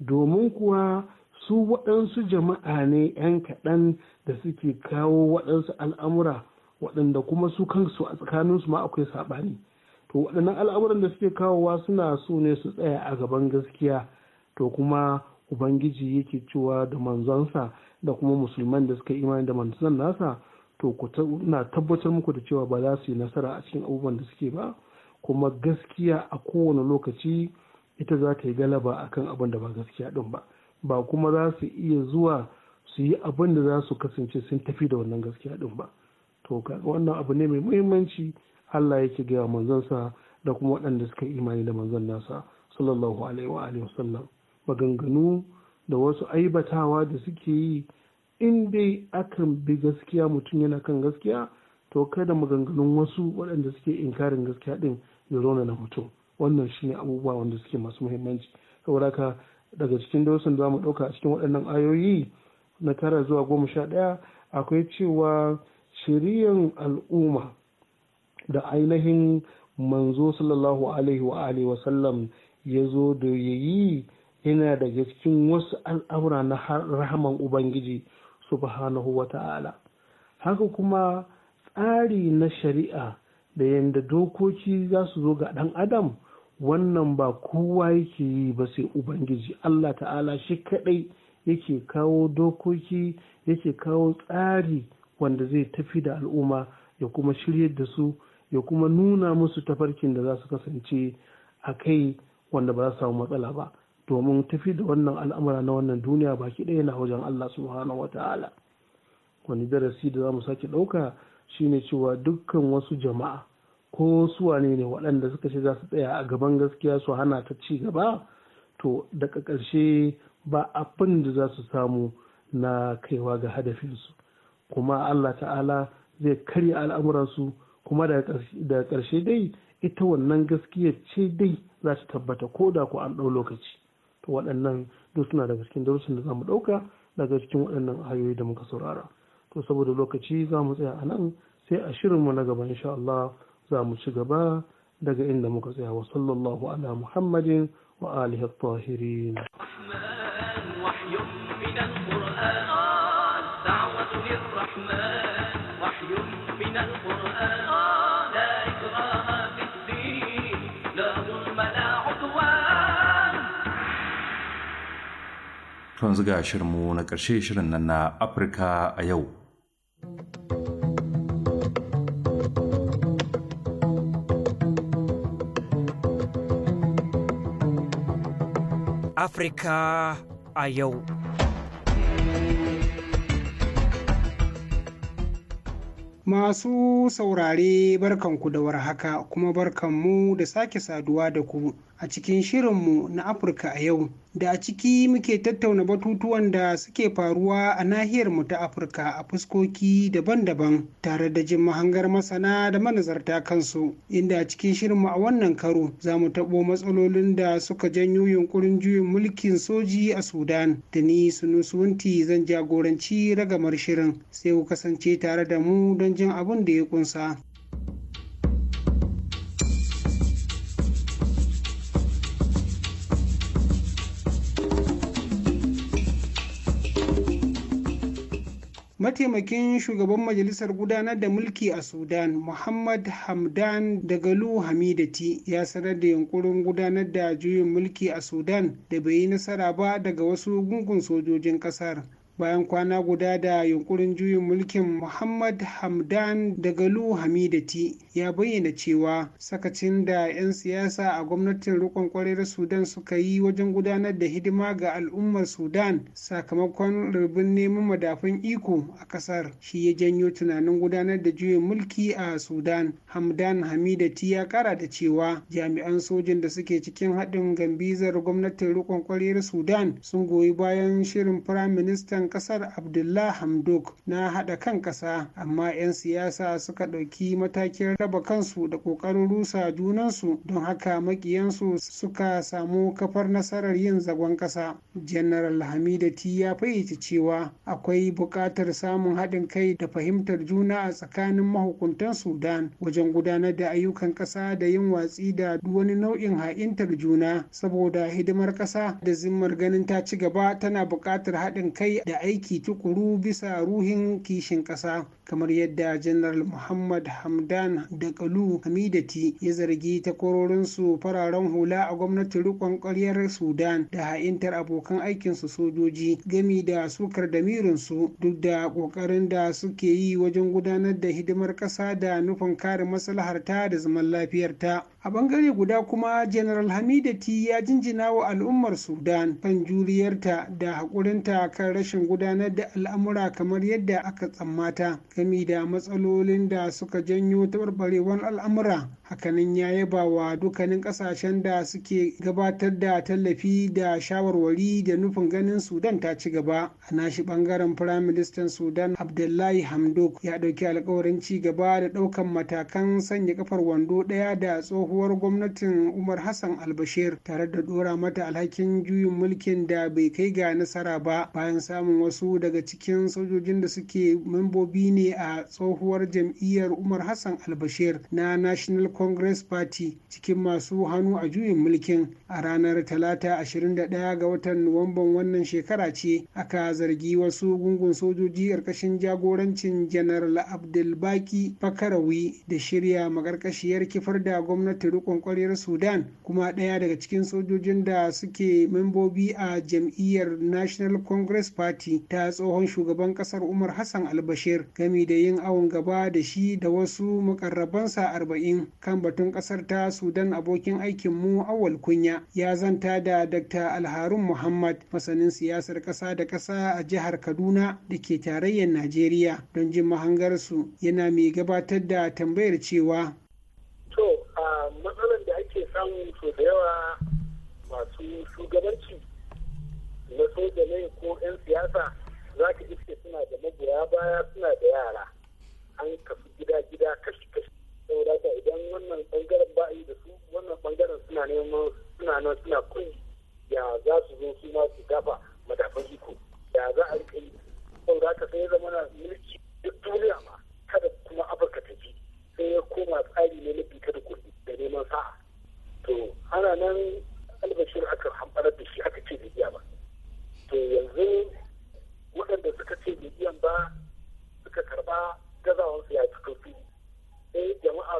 domin kuwa su waɗansu jama'a ne 'yan kaɗan da suke kawo waɗansu al'amura waɗanda kuma su kansu a tsakaninsu ma akwai saɓani to waɗannan al'amuran da suke kawowa suna so ne su tsaya a gaban gaskiya to kuma ubangiji yake cewa da manzonsa da kuma musulman da suka imani da manzon nasa to ku na tabbatar muku da cewa ba za su yi nasara a cikin abubuwan da suke ba kuma gaskiya a kowane lokaci ita za ta yi galaba akan abin da ba gaskiya din ba ba kuma za su iya zuwa su yi abin da za su kasance sun tafi da wannan gaskiya din ba to wannan abu ne mai muhimmanci Allah yake gaya manzansa da kuma waɗanda suka imani da manzon nasa sallallahu alaihi wa alihi wasallam maganganu da wasu aibatawa da suke yi in dai akan bi gaskiya mutum yana kan gaskiya to kada maganganun wasu waɗanda suke inkarin gaskiya din ya zo na mutum wannan shine abubuwa wanda suke masu muhimmanci saboda haka daga cikin dosin za mu ɗauka a cikin waɗannan ayoyi na tara zuwa goma sha ɗaya akwai cewa shiriyan al'umma da ainihin manzo sallallahu alaihi wa alihi wasallam ya zo da ya yi yana daga cikin wasu al'amura na rahaman ubangiji subhanahu wa ta'ala haka kuma tsari na shari'a da yadda dokoki za su zo ga ɗan adam wannan ba kowa yake yi ba sai ubangiji allah ta'ala shi kadai yake kawo dokoki yake kawo tsari wanda zai tafi da al'umma ya kuma shiryar da su ya kuma nuna musu tafarkin da za su kasance a kai wanda ba za su samu matsala ba domin tafi da wannan al'amura na wannan duniya baki ɗaya na wajen allah subhanahu wa ta'ala wani darasi da za mu sake ɗauka shine cewa dukkan wasu jama'a ko wane ne waɗanda suka ce za su tsaya a gaban gaskiya su hana ta ci gaba to daga ƙarshe ba abin da za su samu na kaiwa ga hadafinsu kuma allah ta'ala zai karya al'amuransu kuma da ƙarshe dai ita wannan gaskiya ce dai za ta tabbata ko da ku an ɗau lokaci to waɗannan duk suna daga cikin darussan da za mu ɗauka daga cikin waɗannan ayoyi da muka saurara to saboda lokaci za mu tsaya a nan sai a shirinmu na gaba insha Allah za mu ci gaba daga inda muka tsaya wa sallallahu ala muhammadin wa alihi at-tahirin yanzu ga shirinmu na ƙarshe shirin nan na Afirka a yau. Afirka a yau. Masu saurare barkanku da warhaka kuma barkanmu da sake saduwa da ku a cikin shirinmu na Afirka a yau da a ciki muke tattauna batutuwan da suke faruwa a nahiyar mu ta Afirka a fuskoki daban-daban tare da jin mahangar masana da manazarta kansu inda a cikin shirinmu a wannan karo za mu taɓo matsalolin da suka janyo yunkurin juyin mulkin soji a Sudan da ni sunusunti zan jagoranci ragamar shirin sai ku kasance tare da mu don jin abin da ya kunsa. mataimakin shugaban majalisar gudanar da mulki a sudan muhammad hamdan dagalu hamidati ya sanar da yunkurin gudanar da juyin mulki a sudan da bai yi nasara ba daga wasu gungun sojojin kasar bayan kwana guda da yunkurin juyin mulkin muhammad hamdan dagalu hamidati ya bayyana cewa sakacin da 'yan siyasa a gwamnatin rikon kwarar sudan suka yi wajen gudanar da hidima ga al'ummar sudan sakamakon rubin neman madafun iko a kasar shi ya janyo tunanin gudanar da juyin mulki a sudan hamdan hamidati ya kara da cewa jami'an sojin da suke cikin haɗin gambizar gwamnatin rikon kwarar sudan sun goyi bayan shirin firaministan kasar abdullah hamdok na haɗa kan ƙasa amma 'yan siyasa suka ɗauki matakin raba kansu da ƙoƙarin rusa junansu don haka makiyansu suka samu kafar nasarar yin zagon ƙasa general hamidati ya fayyace cewa akwai buƙatar samun haɗin kai da fahimtar juna a tsakanin mahukuntan sudan wajen gudanar da ayyukan ƙasa da yin watsi da wani nau'in ha'intar juna saboda hidimar ƙasa da zimmar ganin ta ci gaba tana buƙatar haɗin kai da aiki tukuru bisa ruhin kishin ƙasa kamar yadda janar muhammad hamdan da kalu hamidati ya zargi takwarorinsu fararen hula a gwamnatin rikon karyar sudan da ha'intar abokan aikinsu sojoji gami da sukar damirinsu duk da ƙoƙarin da suke yi wajen gudanar da hidimar ƙasa da nufin kare maslaharta da zaman lafiyarta a bangare guda kuma general hamidati ya jinjina wa al'ummar sudan kan juriyarta da haƙurinta kan rashin gudanar da al'amura kamar yadda aka tsammata gami da matsalolin da suka janyo taɓarɓarewar al'amura hakanan ya yaba wa dukkanin kasashen da suke gabatar da tallafi da shawarwari da nufin ganin sudan ta ci gaba a nashi bangaren firaministan sudan abdullahi hamdok ya ɗauki alkawarin ci gaba da ɗaukan matakan sanya kafar wando ɗaya da tsohuwar gwamnatin umar hassan albashir tare da ɗora mata alhakin juyin mulkin da bai kai ga nasara ba bayan samun wasu daga cikin sojojin da suke membobi ne a tsohuwar jam'iyyar umar hassan albashir na national congress party cikin masu hannu a juyin mulkin a ranar talata 21 ga watan nuwamban wannan shekara ce aka zargi wasu gungun sojoji ƙarƙashin jagorancin janaral abdulbaki fakarawi da shirya maƙarƙashiyar kifar da gwamnati riƙon kwarar sudan kuma ɗaya daga cikin sojojin da suke membobi a jam'iyyar national congress party ta tsohon shugaban ƙasar umar hassan albashir gami da yin awon gaba da shi da wasu mukarrabansa arba'in kan batun kasar ta sudan abokin aikin mu awal kunya ya zanta da dr alharun muhammad masanin siyasar kasa da kasa a jihar kaduna da ke tarayyar najeriya don jin mahangarsu yana mai gabatar da tambayar cewa to a matsalar da ake samu so da yawa masu shugabanci na soja ne ko 'yan siyasa za ka iske suna da magoya baya suna da yara an kafi gida-gida kashi saboda idan wannan bangaren ba yi da su wannan bangaren suna neman suna nan suna kungi ya za su zo su ma su gafa madafan iko ya za a rika yi saboda haka sai zama na mulki duk duniya ma kada kuma afirka ta ji sai ya koma tsari ne na bita da kuɗi da neman sa'a to ana nan albashir aka hamɓarar da shi aka ce bai iya ba to yanzu waɗanda suka ce bai iya ba suka karɓa gazawansu ya fi sai jama'a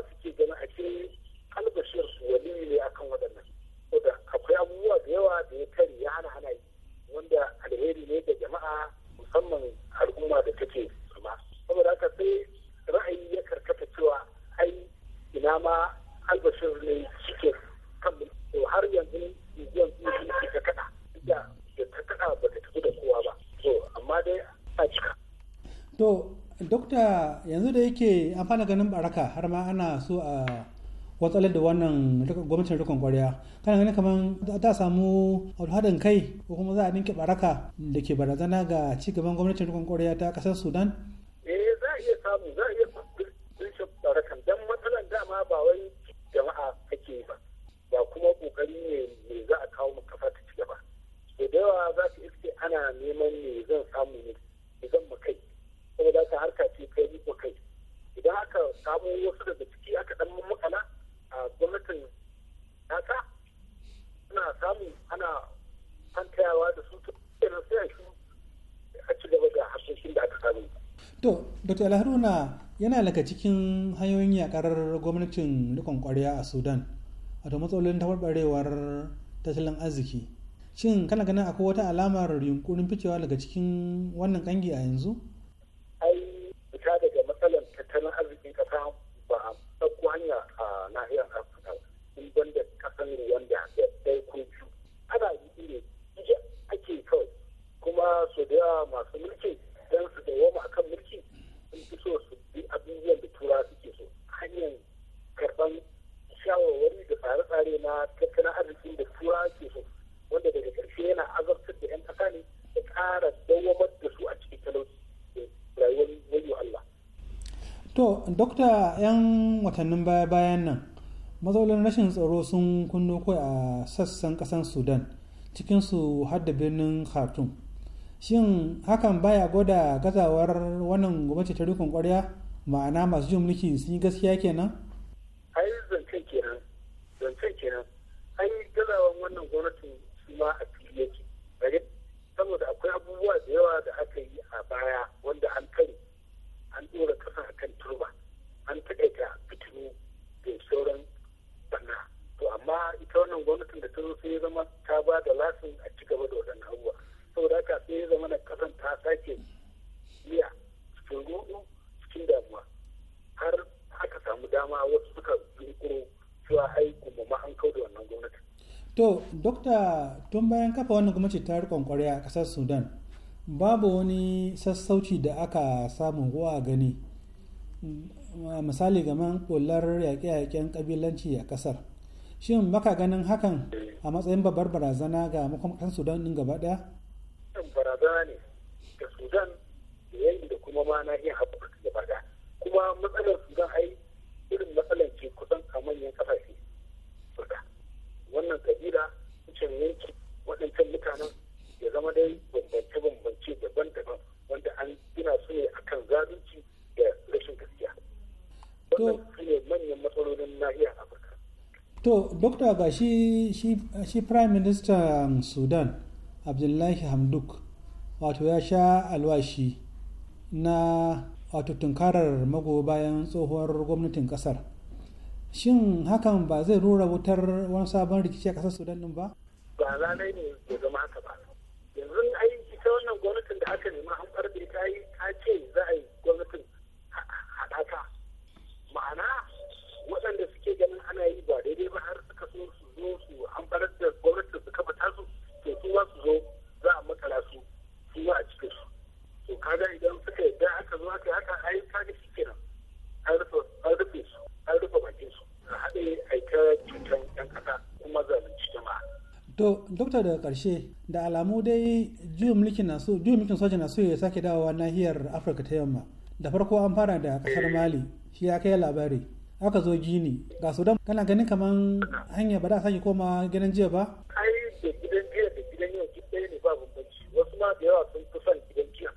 suke amfana ganin baraka har ma ana so a watsalar da wannan gwamnatin rikon kwarya kana ganin kamar ta samu haɗin kai ko kuma za a ninke baraka da ke barazana ga cigaban gwamnatin rikon kwarya ta ƙasar sudan nuna yana daga cikin hanyoyin yakar gwamnatin rikon kwarya a sudan wato matsalolin taɓarɓarewar tattalin arziki shin kana ganin akwai wata alamar yunkurin ficewa daga cikin wannan kangi a yanzu to dokta 'yan watannin baya-bayan nan matsalolin rashin tsaro sun kunno kai a sassan kasan sudan cikinsu hadda da birnin khartum shin hakan baya gwada gazawar wannan gwamnati ta rikon kwarya ma'ana masu jin mulki sun yi gaskiya kenan tun bayan kafa wannan gwamnati ta rikon kwarya a kasar sudan babu wani sassauci da aka samu wa gani misali gaman kular yaƙe-yaƙen ƙabilanci a ƙasar shin baka ganin hakan a matsayin babbar barazana ga makamakan sudan din gaba ɗaya? barazana ne ga sudan da yanki da kuma ma na iya gaba ɗaya kuma matsalar sudan ai irin matsalar ke kusan a manyan ƙasashe wannan kabila cikin yanki waɗancan mutanen ya zama dai bambance-bambance daban-daban wanda an gina su ne akan zalunci da rashin gaskiya wannan su ne manyan matsalolin nahiyar afirka to dokta ga shi shi prime minister um, sudan abdullahi hamduk wato ya sha alwashi na wato tunkarar mago bayan tsohuwar gwamnatin kasar shin hakan ba zai rura wutar wani sabon rikici a kasar sudan din ba ba lalai ne ya zama haka ba yanzu ai ita wannan gwamnatin da aka nema an farbe ta yi ta ce za a yi gwamnatin haɗaka ma'ana waɗanda suke ganin ana yi ba daidai ba har suka so su zo su an farar da gwamnatin su kafa tasu to su ma su zo za a makala su su ma a cikin su to kaga idan suka yadda aka zo aka yi haka ai ga shi kenan an rufe su an rufe bakin su a haɗe aika cutar 'yan ƙasa kuma zalunci jama'a to dokta daga karshe da alamu dai juyin mulkin na soja na so ya sake dawowa nahiyar afirka ta yamma da farko an fara da kasar mali shi ya kai labari aka zo gini ga sudan kana ganin kaman hanya ba da sake koma gidan jiya ba ai da gidan jiya da gidan yau duk ɗaya ne ba bambanci wasu ma da yawa sun fi son gidan jiya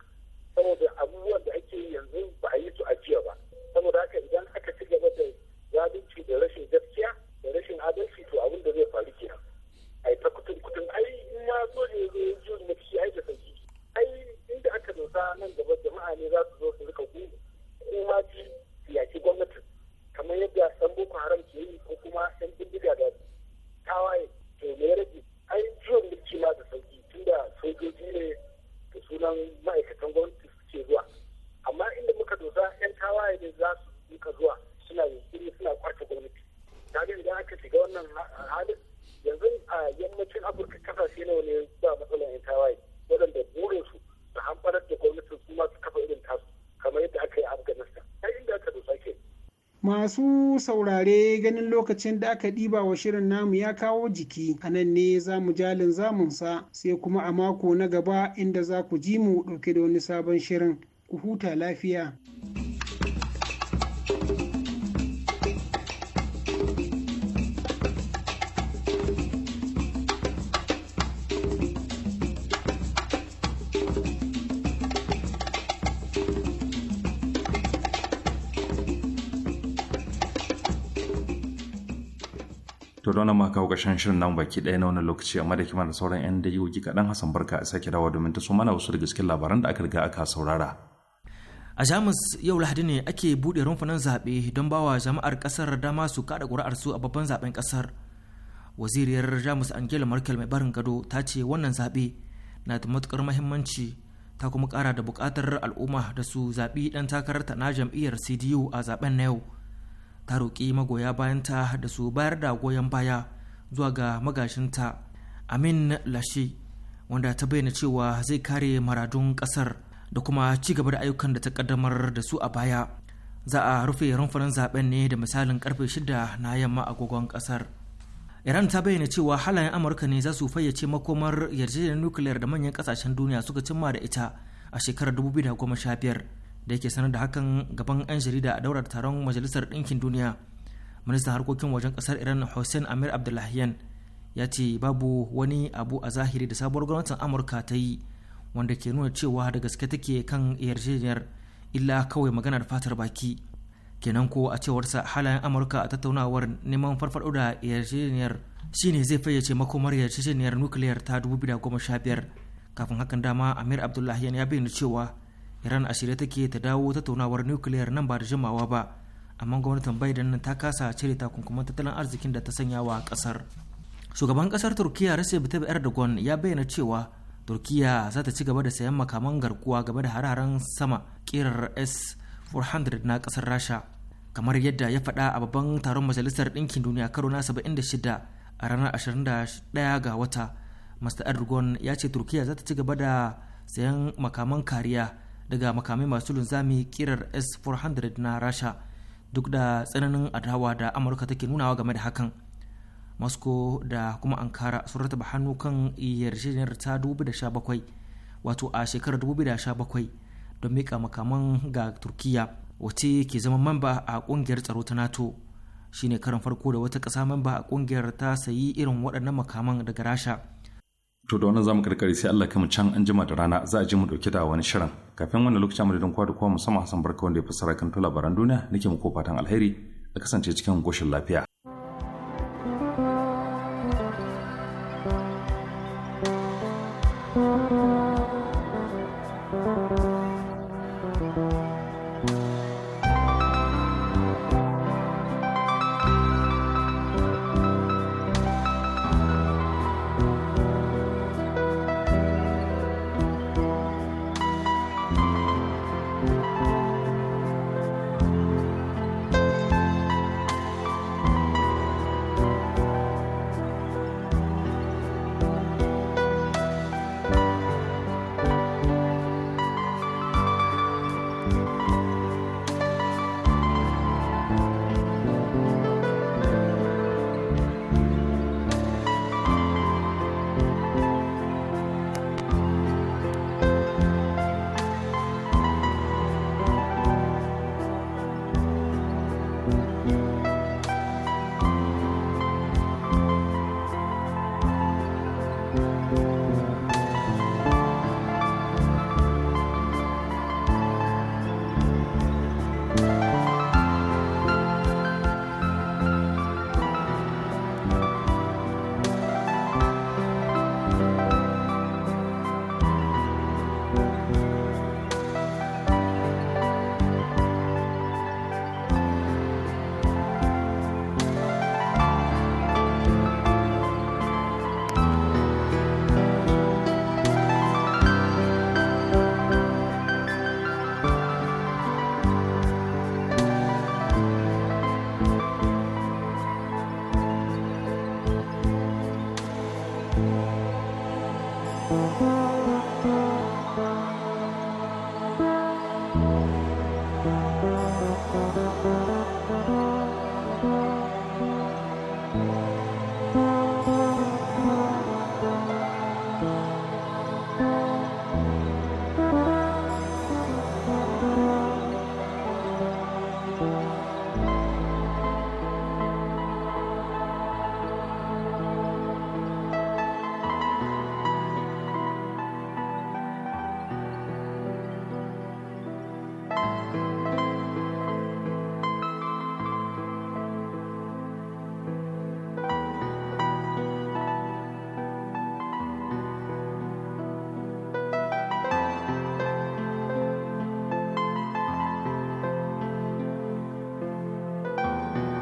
saboda abubuwan da ake yanzu ba a yi su a jiya ba saboda haka idan aka ci gaba da zalunci da rashin gaskiya da rashin adalci to abin da zai faru a yi ta kutun kutun ai in ya zo ne zai juyin da ciki ai da sauki ai inda aka dosa nan gaba jama'a ne za su zo su rika gudu ko ma ji gwamnatin kamar yadda san boko haram ke yi ko kuma yan bindiga da tawaye to me ya rage ai juyin mulki ma da sauki tunda sojoji ne da sunan ma'aikatan gwamnati suke zuwa amma inda muka dosa yan tawaye ne za su rika zuwa suna yunkuri suna kwarta gwamnati kaga idan aka shiga wannan halin yanzu a yammacin afirka kasashe nawa ne ba matsalar yan tawaye waɗanda burinsu su hamɓarar da gwamnatin su masu kafa irin tasu kamar yadda aka yi a ta inda aka dosa ke masu saurare ganin lokacin da aka ɗiba wa shirin namu ya kawo jiki a nan ne za mu jalin zamunsa sai kuma a mako na gaba inda za ku ji mu ɗauke da wani sabon shirin ku huta lafiya. to don ma kawo gashan shirin nan baki ɗaya na wani lokaci amma da kima da sauran 'yan dayogi kaɗan hassan barka a sake dawa domin ta so mana wasu daga cikin labaran da aka riga aka saurara a jamus yau lahadi ne ake buɗe rumfunan zaɓe don bawa jama'ar ƙasar dama su kaɗa su a babban zaɓen ƙasar waziriyar jamus angela merkel mai barin gado ta ce wannan zaɓe na da matuƙar mahimmanci ta kuma ƙara da buƙatar al'umma da su zaɓi ɗan takararta na jam'iyyar cdu a zaɓen na yau ta roƙi magoya bayanta da su bayar da goyon baya zuwa ga magashinta amin lashe wanda ta bayyana cewa zai kare maradun ƙasar da kuma ci gaba da ayyukan da ta kaddamar da su a baya za a rufe rumfunan zaben ne da misalin karfe 6 na yamma agogon ƙasar iran ta bayyana cewa halayen amurka ne za su fayyace makomar yarjejeniyar nukiliyar da manyan kasashen duniya suka cimma da ita a shekarar 2015 da yake sanar da hakan gaban 'yan jarida a daular taron majalisar ɗinkin duniya ministan harkokin wajen ƙasar iran hussein amir abdullahiyan ya ce babu wani abu a zahiri da sabuwar gwamnatin amurka ta yi wanda ke nuna cewa da gaske take kan yarjejeniyar illa kawai maganar fatar baki kenan ko a cewarsa halayen amurka a tattaunawar neman farfaɗo da yarjejeniyar shine zai fayyace makomar yarjejeniyar nukiliyar ta 2015 kafin hakan dama amir abdullahiyan ya bayyana cewa iran a shirye take ta dawo tattaunawar nukiliyar nan ba da jimawa ba amma gwamnatin biden ta kasa cire takunkuman tattalin arzikin da ta sanya wa kasar shugaban kasar turkiya recep tayyip erdogan ya bayyana cewa turkiya za ta ci gaba da sayan makaman garkuwa game da hararen sama kirar s 400 na kasar rasha kamar yadda ya faɗa a babban taron majalisar ɗinkin duniya karo na 76 a ranar 21 ga wata mr erdogan ya ce turkiya za ta ci gaba da sayan makaman kariya daga makamai masu linzami kirar s-400 na rasha duk da tsananin adawa da amurka take nunawa game da hakan moscow da kuma ankara sun rataba hannu kan yarjejeniyar ta 2017 wato a shekarar 2017 don mika makaman ga turkiya wace ke zama mamba a kungiyar tsaro ta nato shine karin farko da wata ƙasa mamba a kungiyar ta sayi irin waɗannan makaman daga rasha To da wannan zamu karkare sai Allah mu can an jima da rana za a ji mu dauke da wani shirin. Kafin wannan lokacin mu da kwa da kuma musamman Hassan Barka wanda ya fassara kan labaran duniya nake muku fatan alheri a kasance cikin goshin lafiya.